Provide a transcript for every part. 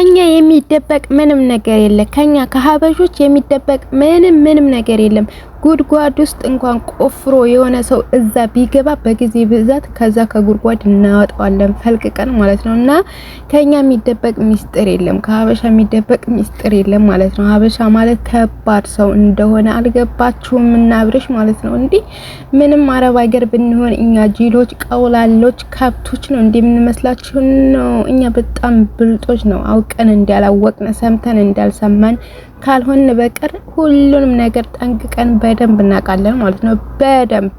ከኛ የሚደበቅ ምንም ነገር የለም። ከኛ ከሀበሾች የሚደበቅ ምንም ምንም ነገር የለም። ጉድጓድ ውስጥ እንኳን ቆፍሮ የሆነ ሰው እዛ ቢገባ በጊዜ ብዛት ከዛ ከጉድጓድ እናወጣዋለን ፈልቅቀን ማለት ነው። እና ከኛ የሚደበቅ ሚስጥር የለም፣ ከሀበሻ የሚደበቅ ሚስጥር የለም ማለት ነው። ሀበሻ ማለት ከባድ ሰው እንደሆነ አልገባችሁም? እና ማለት ነው እንዲህ ምንም አረብ ሀገር ብንሆን እኛ ጅሎች፣ ቀውላሎች፣ ከብቶች ነው እንደምንመስላችሁ ነው። እኛ በጣም ብልጦች ነው አውቀን እንዳላወቅን ሰምተን እንዳልሰማን ካልሆን በቀር ሁሉንም ነገር ጠንቅቀን በደንብ እናውቃለን ማለት ነው። በደንብ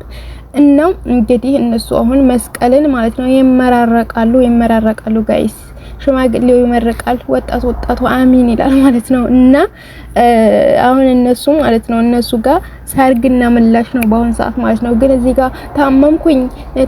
እና እንግዲህ እነሱ አሁን መስቀልን ማለት ነው ይመራረቃሉ፣ ይመራረቃሉ ጋይስ ሽማግሌው ይመርቃል፣ ወጣት ወጣቱ አሚን ይላል ማለት ነው። እና አሁን እነሱ ማለት ነው እነሱ ጋር ሰርግና ምላሽ ነው በአሁን ሰዓት ማለት ነው። ግን እዚህ ጋር ታመምኩኝ፣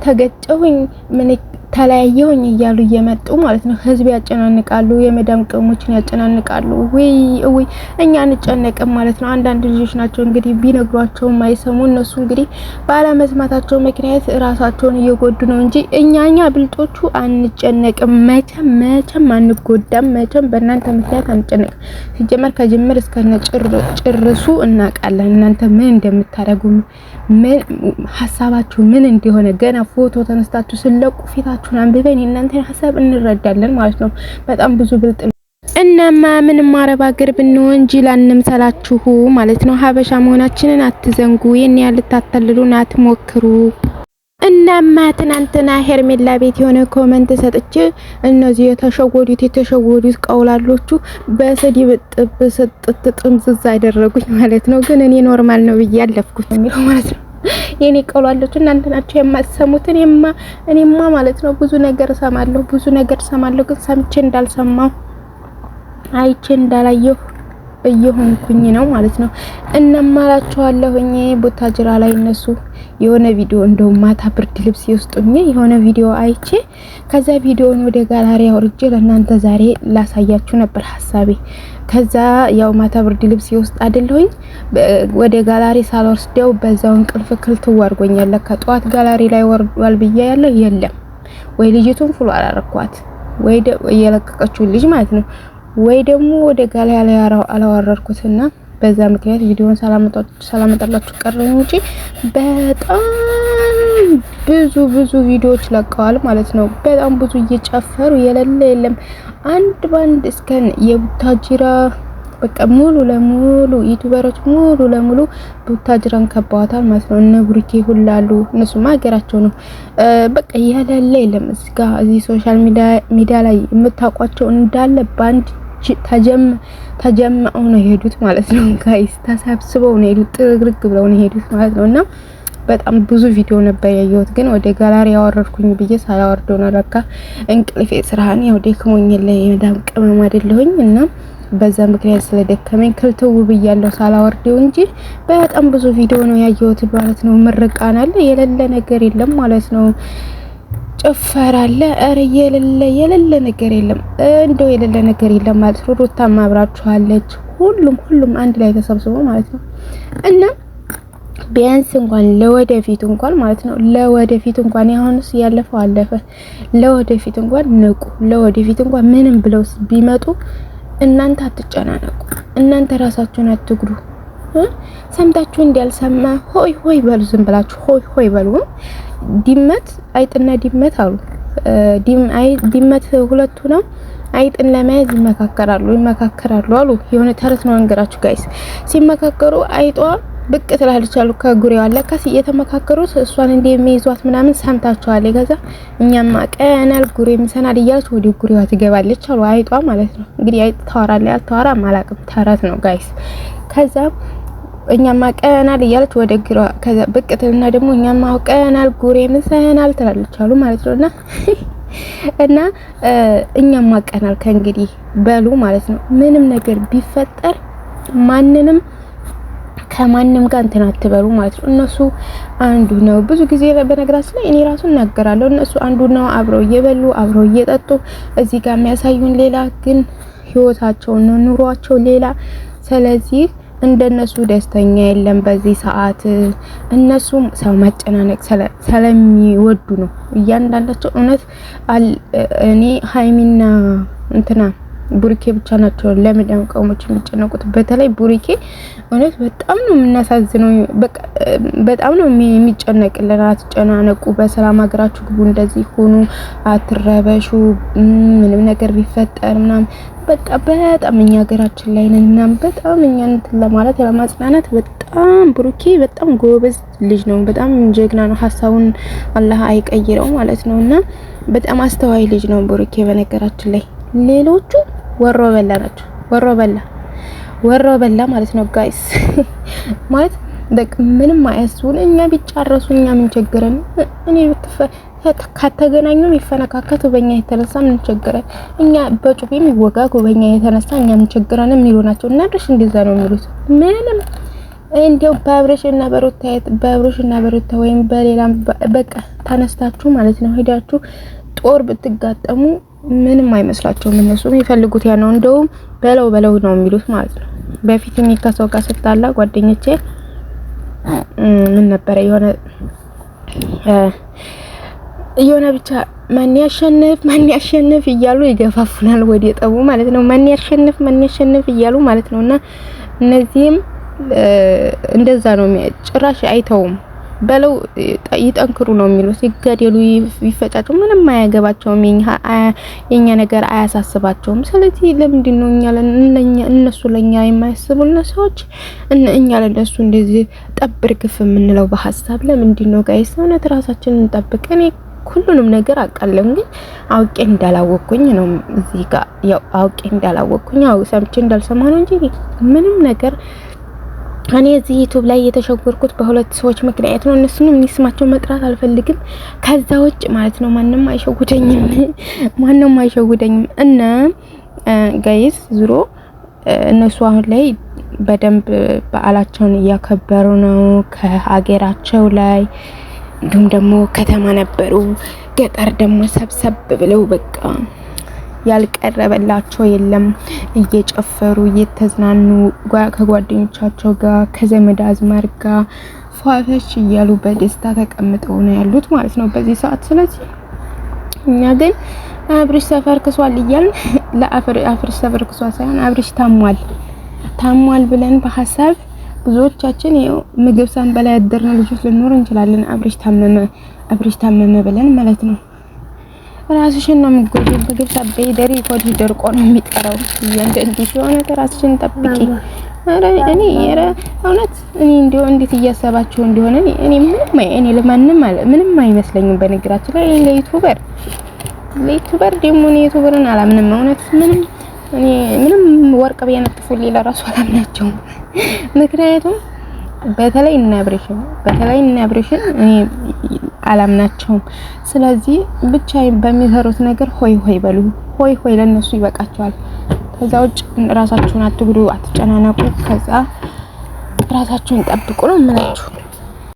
ተገጨሁኝ፣ ምን ተለያየሁኝ እያሉ እየመጡ ማለት ነው ህዝብ ያጨናንቃሉ። የመዳም ቅሞችን ያጨናንቃሉ። ወይ ወይ እኛ አንጨነቅም ማለት ነው። አንዳንድ ልጆች ናቸው እንግዲህ ቢነግሯቸው ማይሰሙ እነሱ እንግዲህ ባለመስማታቸው ምክንያት ራሳቸውን እየጎዱ ነው እንጂ እኛ እኛ ብልጦቹ አንጨነቅም። መቼም መቼም አንጎዳም። መቼም በእናንተ ምክንያት አንጨነቅም። ሲጀመር ከጅምር እስከነ ጭርሱ እናውቃለን እናንተ ምን እንደምታደርጉ ምን ሀሳባችሁ ምን እንደሆነ ገና ፎቶ ተነስታችሁ ስለቁ ፊታ ሀሳባችሁን አንብበን የእናንተን ሀሳብ እንረዳለን ማለት ነው። በጣም ብዙ ብልጥ እናማ ምንም አረብ ሀገር ብንሆን ጅል ሰላችሁ ማለት ነው። ሀበሻ መሆናችንን አትዘንጉ። የኔ ያልታታልሉን አትሞክሩ። እናማ ትናንትና ሄርሜላ ቤት የሆነ ኮመንት ሰጥቼ እነዚህ የተሸወዱት የተሸወዱት ቀውላሎቹ በስድብ ጥብስ ጥምዝዝ ያደረጉኝ ማለት ነው። ግን እኔ ኖርማል ነው ብዬ አለፍኩት የሚለው ማለት ነው። የኔ ቀሏለች እናንተ ናቸው የማሰሙትን የማ እኔማ ማለት ነው ብዙ ነገር ሰማለሁ፣ ብዙ ነገር ሰማለሁ ግን ሰምቼ እንዳልሰማው አይቼ እንዳላየሁ እየሆንኩኝ ነው ማለት ነው። እናማራቸዋለሁኝ ቡታጅራ ላይ እነሱ የሆነ ቪዲዮ እንደው ማታ ብርድ ልብስ ይውስጡኝ የሆነ ቪዲዮ አይቼ ከዛ ቪዲዮን ወደ ጋላሪ አውርጄ ለእናንተ ዛሬ ላሳያችሁ ነበር ሀሳቤ። ከዛ ያው ማታ ብርድ ልብስ ይውስጥ አይደለሁኝ ወደ ጋላሪ ሳልወስደው በዛው እንቅልፍ ክልትው አድርጎኛል። ለካ ጠዋት ጋላሪ ላይ ወርዷል ብዬ ያለው የለም ወይ ልጅቱን ፍሎ አላረኳት ወይ የለቀቀችውን ልጅ ማለት ነው ወይ ደግሞ ወደ ጋላሪ አላወረርኩትና በዛ ምክንያት ቪዲዮን ሳላመጣላችሁ ቀረኝ እንጂ በጣም ብዙ ብዙ ቪዲዮዎች ለቀዋል ማለት ነው። በጣም ብዙ እየጨፈሩ የለለ የለም አንድ ባንድ እስከን የቡታጅራ በቃ ሙሉ ለሙሉ ዩቲዩበሮች ሙሉ ለሙሉ ቡታጅራን ከባዋታል ማለት ነው። እነ ቡሪኬ ሁላሉ እነሱማ ሀገራቸው ነው። በቃ ያለለ የለም እዚህ ጋር እዚህ ሶሻል ሚዲያ ላይ የምታውቋቸው እንዳለ ባንድ ተጀምዐው ነው የሄዱት ማለት ነው። ጋይስ ተሰብስበው ነው የሄዱት፣ ጥርግርግ ብለው ነው የሄዱት ማለት ነው። እና በጣም ብዙ ቪዲዮ ነበር ያየሁት፣ ግን ወደ ጋላሪ ያወረድኩኝ ብዬ ሳላወርደው ነው ለካ እንቅልፌ ስራህን ያው ደክሞኝ ላይ የመዳም ቅመም አይደለሁኝ እና በዛ ምክንያት ስለደከመኝ ክልትው ብያለሁ ሳላወርደው እንጂ በጣም ብዙ ቪዲዮ ነው ያየሁት ማለት ነው። ምርቃናል የሌለ ነገር የለም ማለት ነው። ጭፈራ አለ። እረ የሌለ የሌለ ነገር የለም፣ እንደው የሌለ ነገር የለም ማለት ነው። ሩታም አብራችኋለች። ሁሉም ሁሉም አንድ ላይ ተሰብስቦ ማለት ነው እና ቢያንስ እንኳን ለወደፊት እንኳን ማለት ነው ለወደፊት እንኳን ያሁንስ ያለፈው አለፈ። ለወደፊት እንኳን ንቁ። ለወደፊት እንኳን ምንም ብለው ቢመጡ እናንተ አትጨናነቁ። እናንተ ራሳችሁን አትግዱ። ሰምታችሁ እንዲያልሰማ ሆይ ሆይ በሉ። ዝም ብላችሁ ሆይ ሆይ በሉ። ድመት አይጥና ድመት አሉ። ድመት ሁለቱ ነው። አይጥን ለመያዝ ይመካከራሉ ይመካከራሉ አሉ። የሆነ ተረት ነው አንገራችሁ ጋይስ። ሲመካከሩ አይጧ ብቅ ትላለች አሉ ከጉሬዋ ከስ እየተመካከሩት እሷን እንደ የሚይዟት ምናምን ሰምታችኋል። ከዛ እኛማ ቀናል ጉሬ የሚሰናል እያለች ወደ ጉሬዋ ትገባለች አሉ አይጧ ማለት ነው። እንግዲህ አይጥ ታወራለች አልታወራም አላውቅም፣ ተረት ነው ጋይስ ከዛ እኛማ ቀናል እያለች ወደ ግራ ከዛ ብቅ ትልና ደግሞ እኛማ ቀናል ጉሬ ምሰናል ትላለች አሉ ማለት ነውና እና እኛማ ቀናል ከእንግዲህ በሉ ማለት ነው። ምንም ነገር ቢፈጠር ማንንም ከማንም ጋር እንትን አትበሉ ማለት ነው። እነሱ አንዱ ነው። ብዙ ጊዜ በነገራችን ላይ እኔ ራሱ እናገራለሁ። እነሱ አንዱ ነው። አብረው እየበሉ አብረው እየጠጡ እዚህ ጋር የሚያሳዩን ሌላ፣ ግን ህይወታቸው ነው ኑሯቸው ሌላ። ስለዚህ እንደነሱ ደስተኛ የለም በዚህ ሰዓት። እነሱም ሰው ማጨናነቅ ስለሚወዱ ነው እያንዳንዳቸው። እውነት እኔ ሀይሚና እንትና ቡሪኬ ብቻ ናቸው ለመዳም ቀሞች የሚጨነቁት። በተለይ ቡሪኬ እውነት በጣም ነው የምናሳዝነው። በጣም ነው የሚጨነቅልን። አትጨናነቁ፣ በሰላም ሀገራችሁ ግቡ፣ እንደዚህ ሆኑ፣ አትረበሹ፣ ምንም ነገር ቢፈጠር ምናምን በቃ በጣም እኛ ሀገራችን ላይ ነን እና በጣም እኛን ለማለት ለማጽናናት በጣም ብሩኬ በጣም ጎበዝ ልጅ ነው። በጣም ጀግና ነው። ሀሳቡን አላህ አይቀይረው ማለት ነው። እና በጣም አስተዋይ ልጅ ነው ብሩኬ። በነገራችን ላይ ሌሎቹ ወሮ በላ ናቸው። ወሮ በላ ወሮ በላ ማለት ነው ጋይስ ማለት በቃ ምንም አያስቡን። እኛ ቢጫረሱ እኛ ምን ቸገረን? እኔ ካተገናኙም ይፈነካከቱ በእኛ የተነሳ ምን ቸገረን እኛ በጩቤም ይወጋጉ በእኛ የተነሳ እኛ ምን ቸገረን የሚሉ ናቸው። እና አብርሽ እንደዛ ነው የሚሉት ምንም እንዲያው በአብርሽ እና በሩታ በአብርሽ እና በሩታ ወይም በሌላ በቃ ተነስታችሁ ማለት ነው ሄዳችሁ ጦር ብትጋጠሙ ምንም አይመስላቸውም። እነሱ የሚፈልጉት ያ ነው። እንደውም በለው በለው ነው የሚሉት ማለት ነው። በፊት እኔ ከሰው ጋር ስታላ ጓደኞቼ ምን ነበረ የሆነ እየሆነ ብቻ ማን ያሸንፍ ማን ያሸንፍ እያሉ ይገፋፉናል ወደ የጠቡ ማለት ነው። ማን ያሸንፍ ማን ያሸንፍ እያሉ ማለት ነውና እነዚህም እንደዛ ነው። ጭራሽ አይተውም በለው ይጠንክሩ ነው የሚሉት። ይገደሉ፣ ይፈጫጩ ምንም አያገባቸውም። የኛ ነገር አያሳስባቸውም። ስለዚህ ለምንድን ነው እኛ ለኛ እነሱ ለኛ የማያስቡን ሰዎች እኛ ለነሱ እንደዚህ ጠብር ግፍ የምንለው በሀሳብ ለምንድን ነው ጋይስ? እውነት ራሳችንን ጠብቀን ሁሉንም ነገር አውቃለሁ፣ ግን አውቄ እንዳላወቅኩኝ ነው። እዚህ ጋር ያው አውቄ እንዳላወቅኩኝ አው ሰምቼ እንዳልሰማ ነው እንጂ ምንም ነገር እኔ እዚህ ዩቲዩብ ላይ የተሸወርኩት በሁለት ሰዎች ምክንያት ነው። እነሱንም እኔ ስማቸው መጥራት አልፈልግም። ከዛ ውጭ ማለት ነው ማንም አይሸውደኝም፣ ማንም አይሸውደኝም። እና ጋይስ ዝሮ እነሱ አሁን ላይ በደንብ በዓላቸውን እያከበሩ ነው ከሀገራቸው ላይ እንዲሁም ደግሞ ከተማ ነበሩ፣ ገጠር ደግሞ ሰብሰብ ብለው በቃ ያልቀረበላቸው የለም። እየጨፈሩ እየተዝናኑ ከጓደኞቻቸው ጋር ከዘመድ አዝማር ጋር ፏፈሽ እያሉ በደስታ ተቀምጠው ነው ያሉት ማለት ነው በዚህ ሰዓት። ስለዚህ እኛ ግን አብርሽ ሰፈር ክሷል እያልን ለአብርሽ ሰፈር ክሷል ሳይሆን አብርሽ ታሟል ታሟል ብለን በሀሳብ ብዙዎቻችን ምግብ ሳንበላ ያደርነው ልጆች ልንኖር እንችላለን። አብሪሽ ታመመ አብሪሽ ታመመ ብለን ማለት ነው። ራስሽን ነው የምትጎጂ። ምግብ ሳትበይ ደሪ ኮዲ ደርቆ ነው የሚጠራው። እያንዳንዱ ሲሆነ ራስሽን ጠብቂ። እኔ እውነት እኔ እንዲሁ እንዴት እያሰባችሁ እንደሆነ እኔ ምንም እኔ ለማንም ምንም አይመስለኝም። በነገራችን ላይ ለዩቱበር ለዩቱበር ደግሞ እኔ ዩቱበርን አላምንም። እውነት ምንም እኔ ምንም ወርቅ አላምናቸውም። ምክንያቱም በተለይ እነ አብሬሽን በተለይ እነ አብሬሽን እኔ አላምናቸውም። ስለዚህ ብቻ በሚሰሩት ነገር ሆይ ሆይ በሉ፣ ሆይ ሆይ ለነሱ ይበቃቸዋል። ከዛ ውጭ ራሳችሁን አትጉዱ፣ አትጨናነቁ። ከዛ ራሳችሁን ጠብቁ ነው የምላችሁ።